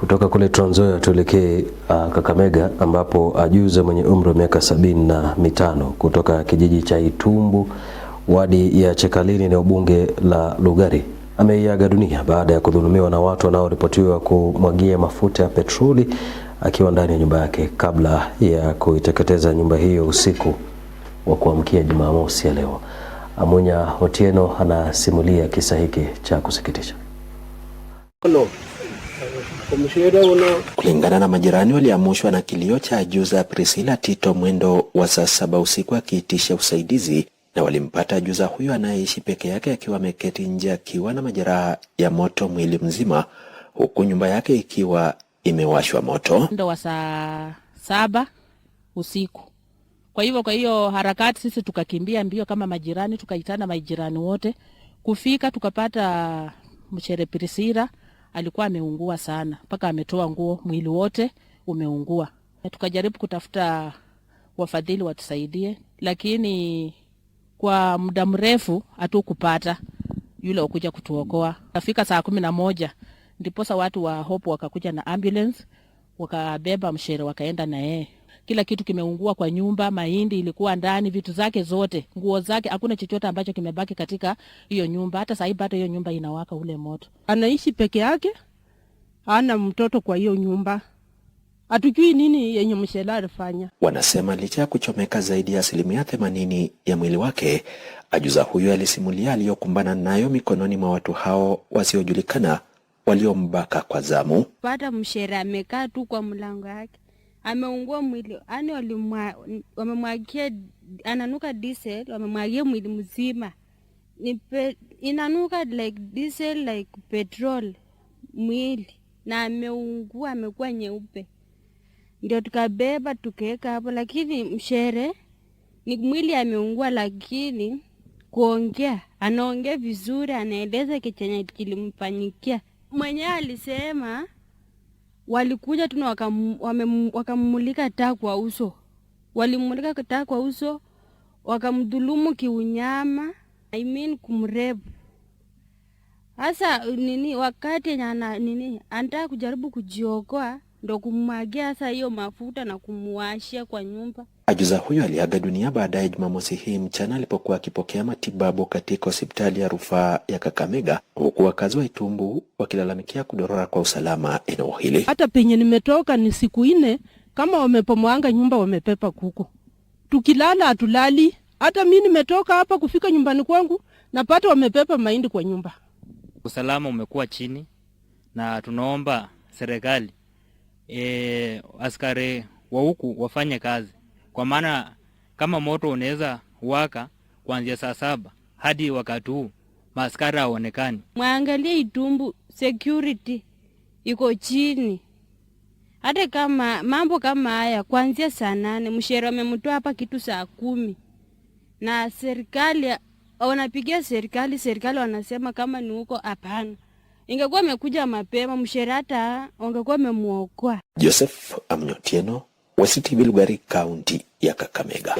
Kutoka kule Trans Nzoia tuelekee uh, Kakamega ambapo ajuza mwenye umri wa miaka sabini na mitano kutoka kijiji cha Itumbu wadi ya Chekalini eneo bunge la Lugari ameiaga dunia baada ya kudhulumiwa na watu wanaoripotiwa kumwagia mafuta ya petroli akiwa ndani ya nyumba yake kabla ya kuiteketeza nyumba hiyo usiku wa kuamkia Jumamosi ya leo. Amunya Otieno anasimulia kisa hiki cha kusikitisha. Hello. Kulingana na majirani waliamushwa na kilio cha ajuza Priscilla Tito mwendo wa saa saba usiku akiitisha usaidizi, na walimpata ajuza huyo anayeishi peke yake akiwa ameketi nje akiwa na majeraha ya moto mwili mzima, huku nyumba yake ikiwa imewashwa moto mwendo wa saa saba usiku. Kwa hivyo kwa hiyo harakati sisi tukakimbia mbio kama majirani, tukaitana majirani wote kufika, tukapata mchere Priscilla alikuwa ameungua sana, mpaka ametoa nguo, mwili wote umeungua. Tukajaribu kutafuta wafadhili watusaidie, lakini kwa muda mrefu hatukupata yule wakuja kutuokoa. Kafika saa kumi na moja ndiposa watu wa Hope wakakuja na ambulance wakabeba mshere wakaenda na yeye kila kitu kimeungua kwa nyumba, mahindi ilikuwa ndani, vitu zake zote, nguo zake, hakuna chochote ambacho kimebaki katika hiyo nyumba. Hata sasa hata hiyo nyumba inawaka ule moto. Anaishi peke yake, hana mtoto kwa hiyo nyumba. Hatujui nini yenye mshela alifanya. Wanasema licha ya kuchomeka zaidi ya asilimia themanini ya mwili wake, ajuza huyo alisimulia aliyokumbana nayo mikononi mwa watu hao wasiojulikana waliombaka kwa zamu. Baada mshera amekaa tu kwa mlango yake ameungua mwili, yani wamemwagia, ananuka diesel, wamemwagia mwili mzima pe, inanuka like diesel like petrol mwili, na ameungua, amekuwa nyeupe, ndio tukabeba tukaweka hapo, lakini mshere ni mwili ameungua, lakini kuongea, anaongea vizuri, anaeleza kichenye kilimfanyikia mwenyewe, alisema walikuja tu wakammulika wakamulika taa kwa uso, walimulika taa kwa uso, wakamdhulumu kiunyama, I mean kumrebu hasa nini, wakati nyana nini anataka kujaribu kujiokoa, ndo kumwagia hasa hiyo mafuta na kumwashia kwa nyumba. Ajuza huyo aliaga dunia baadaye Jumamosi hii mchana alipokuwa akipokea matibabu katika hospitali ya rufaa ya Kakamega, huku wakazi wa Itumbu wakilalamikia kudorora kwa usalama eneo hili. Hata penye nimetoka ni siku ine, kama wamepomwanga nyumba wamepepa kuku tukilala hatulali. Hata mi nimetoka hapa kufika nyumbani kwangu napata wamepepa mahindi kwa nyumba. Usalama umekuwa chini, na tunaomba serikali e, askari wa huku wafanye kazi kwa maana kama moto unaweza waka kuanzia saa saba hadi wakati huu maskara haonekani. Mwangalie Itumbu, security iko chini. Hata kama mambo kama haya kuanzia saa nane mshere amemtoa hapa kitu saa kumi na serikali wanapigia serikali, serikali wanasema kama ni huko hapana. Ingekuwa amekuja mapema mshere hata wangekuwa amemwokoa. Joseph Amnyotieno, Wasiti Bilugari, kaunti ya Kakamega.